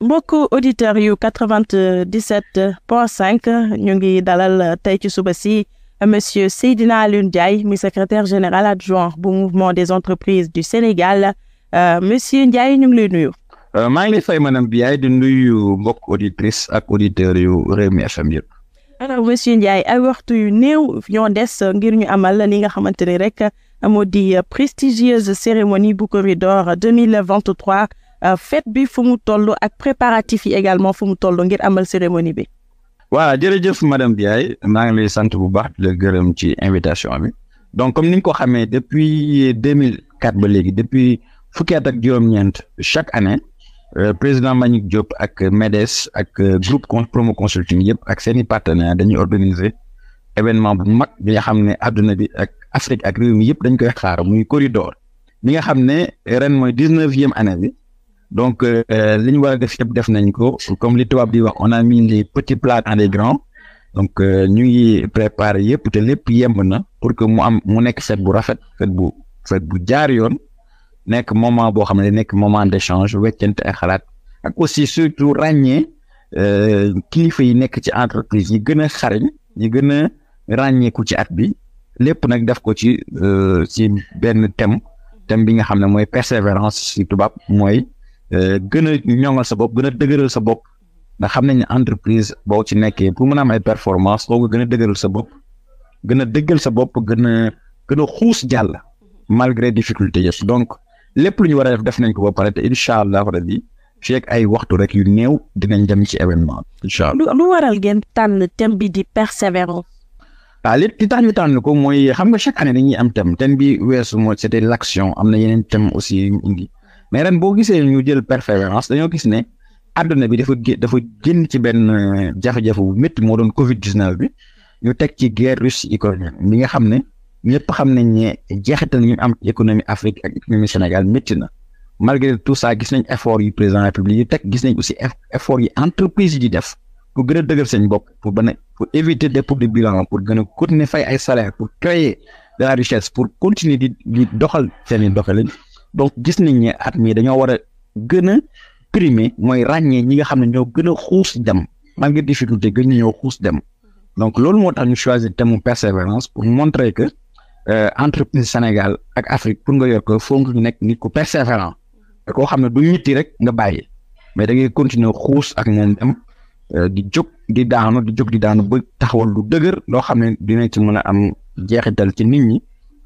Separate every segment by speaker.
Speaker 1: mbokk auditeurs yu quatre-vingt-dix-sept cinq ñu ngi dalal tey ci suba si monsieur Seydina Alioune Ndiaye muy secrétaire général adjoint bu mouvement des entreprises du Sénégal euh, monsieur Ndiaye ñu ngi lay nuyu.
Speaker 2: Euh, maa ngi lay fay maanaam Biaye di nuyu mbokk auditrice ak auditeurs yu Rewmi FM yëpp.
Speaker 1: alors monsieur ay waxtu yu néew ñoo des ngir ñu amal li nga xamante ni rek moo di prestigieuse cérémonie bu Corridor deux mille vingt-trois Euh, fête bi fu mu toll ak préparatif yi également fu mu toll ngir amal cérémonie bi.
Speaker 2: voilà jërëjëf madame Biaye maa ngi lay sant bu baax di gërëm ci invitation bi donc comme ni ñu ko xamee depuis deux mille quatre ba léegi depuis fukki at ak juróom-ñeent chaque année euh, président Mbagnick Diop ak MEDES ak euh, groupe promo consulting yëpp ak seen i partenaires dañuy organiser événement bu mag bi nga xam ne adduna bi ak Afrique ak réew yëpp dañ koy xaar muy corridor bi nga xam ne ren mooy dix-neuvième année bi. donc euh, euh, li ñu war a def yëpp def nañ ko comme li tubaab bi wax on a mis les petits plats dans les donc euh, ñu ngi préparé yëpp te lépp yemb na pour que mu am mu nekk fête bu rafet fête bu fête bu jaar yoon nekk moment boo xam ne nekk moment d'échange weccante ay xalaat ak aussi surtout ràññee kilifa yi nekk ci entreprise yi gën a xariñ yi gën a ràññeeku ci at bi lépp nag def ko ci si benn thème thème bi nga xam ne mooy persévérance ci tubaab mooy. Euh, gën a ñoŋal sa bopp gën a dëgëral sa bopp ndax xam nañ ne entreprise boo ci nekkee pour mën a am ay performance boo ko gën a dëgëral sa bopp gën a dëggal sa bopp gën a gën a xuus jàll malgré difficulté yëpp donc lépp lu ñu war a def def nañ ko ba pare te incha allah rabbi fii ak ay waxtu rek yu néew dinañ dem ci événement bi incha
Speaker 1: allah. lu waral ngeen tànn thème bi di persévérance.
Speaker 2: waaw li li tax ñu tànn ko mooy xam nga chaque année dañuy am thème thème bi weesu mooy c'était l'action am na yeneen thème aussi indi mais ren boo gisee ñu jël persévérance dañoo gis ne àdduna bi dafa dafa génn ci benn euh, jafe-jafe bu métti moo doon Covid 19 bi ñu teg ci guerre russe ukrainienne mi nga xam ne ñëpp xam nañ ne jeexital ñu am économie Afrique ak économie Sénégal métti na malgré tout ça gis nañ effort yu président république yu teg gis nañ aussi effort yi entreprise yi di def pour gën a dëgër seen bopp pour bana pour éviter dépôt de bilan pour gën a continuer fay ay salaire pour créer pour continuer di di doxal seen i doxalin donc gis nañ ne at mi dañoo war a gën a primer mooy ràññee ñi nga xam ne ñoo gën a xuus dem maa malgré difficulté gën ñoo xuus dem donc loolu moo tax ñu choisir thème mu persévérance pour montrer que euh, entreprise Sénégal ak Afrique pour nga yor ko foo nga nekk nit ku persévérant koo xam ne du yitti rek nga bàyyi mais da ngay continuer xuus ak moom dem euh, di jóg di daanu di jóg di daanu ba taxawal lu dëgër loo xam ne dina ci mën a am jeexital ci nit ñi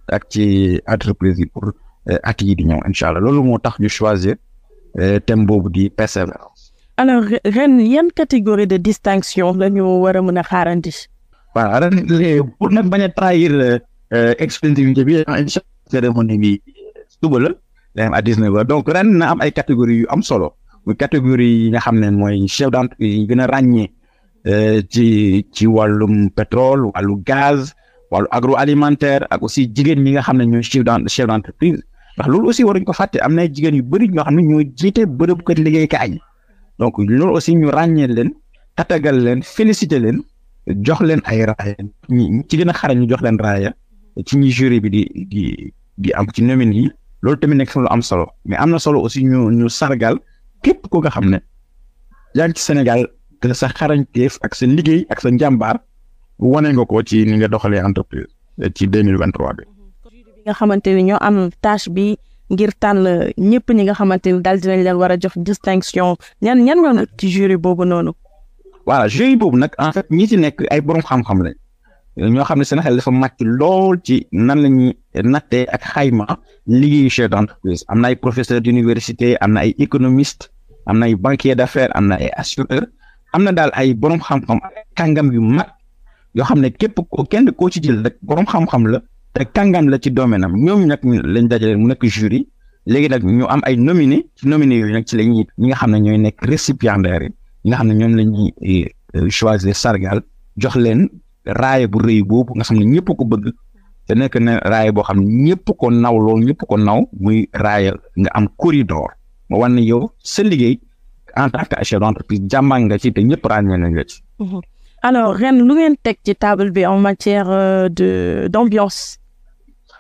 Speaker 2: ak ci entreprise yi pour. Euh, at yii di ñëw incha allah loolu moo tax ñu choisir euh, thème boobu di persévérance.
Speaker 1: alors ren yan catégorie de distinction la ñu war a mën a xaarandi.
Speaker 2: waaw ren pour nag bañ a trahir euh, exclusivité bi incha allah cérémonie bi suba la day am donc ren na am ay catégories yu am solo muy catégorie yi nga xam ne mooy chef d'entreprise yi gën a ràññee ci ci wàllum pétrole wàllu gaz. agro agroalimentaire ak aussi jigéen ñi nga xam ne ñooy chef d' chef d' entreprise ndax loolu aussi waruñ ko fàtte am na jigéen yu bëri ñoo xam ne ñoo jiite bërëb kër liggéeykaay donc loolu aussi ñu ràññee leen tatagal leen félicité leen jox leen ay raaya ñi ci gën xarañ ñu jox leen raaya ci ñi jury bi di di di am ci nomine yi loolu tamit nekk lu am solo mais am na solo aussi ñu ñu sargal képp ko nga xam ne yaa ci Sénégal te xarañ xarañteef ak sa liggéey ak sa njàmbaar wane nga ko ci ni nga doxalee entreprise ci deux mille vingt trois bi.
Speaker 1: nga xamante ni ñoo am tâche bi ngir tànn ñëpp ñi nga xamante ni daal dinañ leen war a jox distinction ñan ñan
Speaker 2: nga ci jury boobu noonu. voilà jury boobu nag en ñi ci nekk ay borom xam-xam lañ ñoo xam ne seen xel dafa màcc lool ci nan la ñuy nattee ak xayma liggéeyu chef d'entreprise am na ay professeur d'université am na ay économiste am na ay banquier d'affaires am na ay assureur am na daal ay borom xam-xam ak yu mag. yoo xam ne képp ko kenn koo ci jël rek borom xam-xam la te kàngam la ci domaine am ñoom nag lañ dajalee mu nekk jury léegi nag ñu am ay nominé ci nominé yooyu nag ci la ñuy ñi nga xam ne ñooy nekk récipiendaire yi ñi nga xam ne ñoom la ñuy eh, choisir sargal jox leen raaya bu rëy boobu nga xam ne ñëpp ko bëgg te nekk na raaya boo xam ne ñëpp ko naw lool ñëpp ko naw muy raaya nga am corridor door wan ne yow sa liggéey en tant que chef d'entreprise jàmbaang nga ci te ñëpp ràññee nañ la ci
Speaker 1: mhm. alors ren lu ngeen teg ci table bi
Speaker 2: en matière euh, de d'ambiance.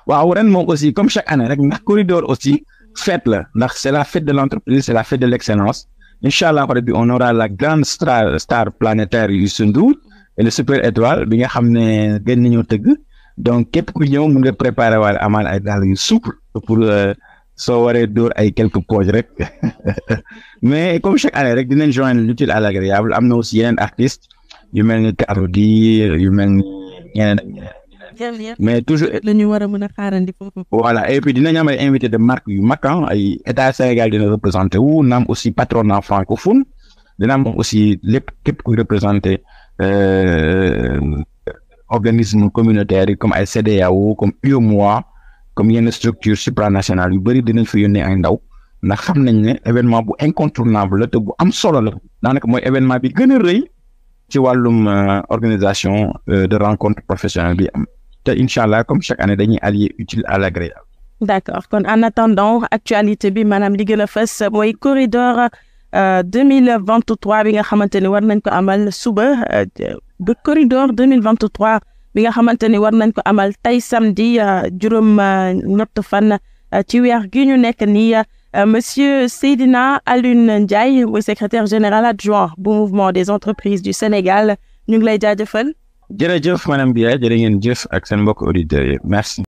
Speaker 2: waaw ren moo aussi comme chaque année rek ndax corridor aussi fête la ndax c'est la fête de l'entreprise c'est la fête de l'excellence incha allah bi on aura la grande star star planétaire Youssou Ndour et le super étoile bi nga xam ne gën nañoo tëgg donc képp ku ñëw mun nga préparer waale amaan ay daal yu souple pour euh, soo waree dóor ay quelque poches rek mais comme chaque année rek dinañ joindre l'utile à l'agréable am na aussi yeneen artistes. yu mel ni carottes yi yu mel ni ñeneen
Speaker 1: ak ñeneen mais toujours
Speaker 2: la ñu war a mën a
Speaker 1: xaarandi foofu
Speaker 2: voilà et puis dinañ am ay invité de marque yu mag ah, ay état Sénégal dina représenté wu na am aussi patronat francophone dina am aussi lépp képp kuy représenté euh, organisme communautaire yi comme ay CEDEAO comme UEMOA comme yenn structure supranationale yu bëri dinañ fi yónnee ay ndaw ndax xam nañ ne événement bu incontournable la te bu am solo la daanaka mooy événement bi gën a rëy ci wàllum euh, organisation euh, de rencontre professionnelle bi am incha allah comme chaque année dañuy allier utile à l'agréable.
Speaker 1: d'accord kon en attendant actualité bi maanaam li gën a fës mooy corridor euh, deux mille vingt trois bi nga xamante ni war nañ ko amal suba ba corridor deux mille vingt trois bi nga xamante ni war nañ ko amal tey samedi juróom ñett fan ci weer gi ñu nekk nii. Euh, Monsieur Seydina Alioune Ndiaye mooy secrétaire général adjoint bu mouvement des entreprises du Sénégal ñu ngi lay jaajëfal.
Speaker 2: jërëjëf madame Biya jërë ngeen jëf ak seen mbokk auditeurs yi merci.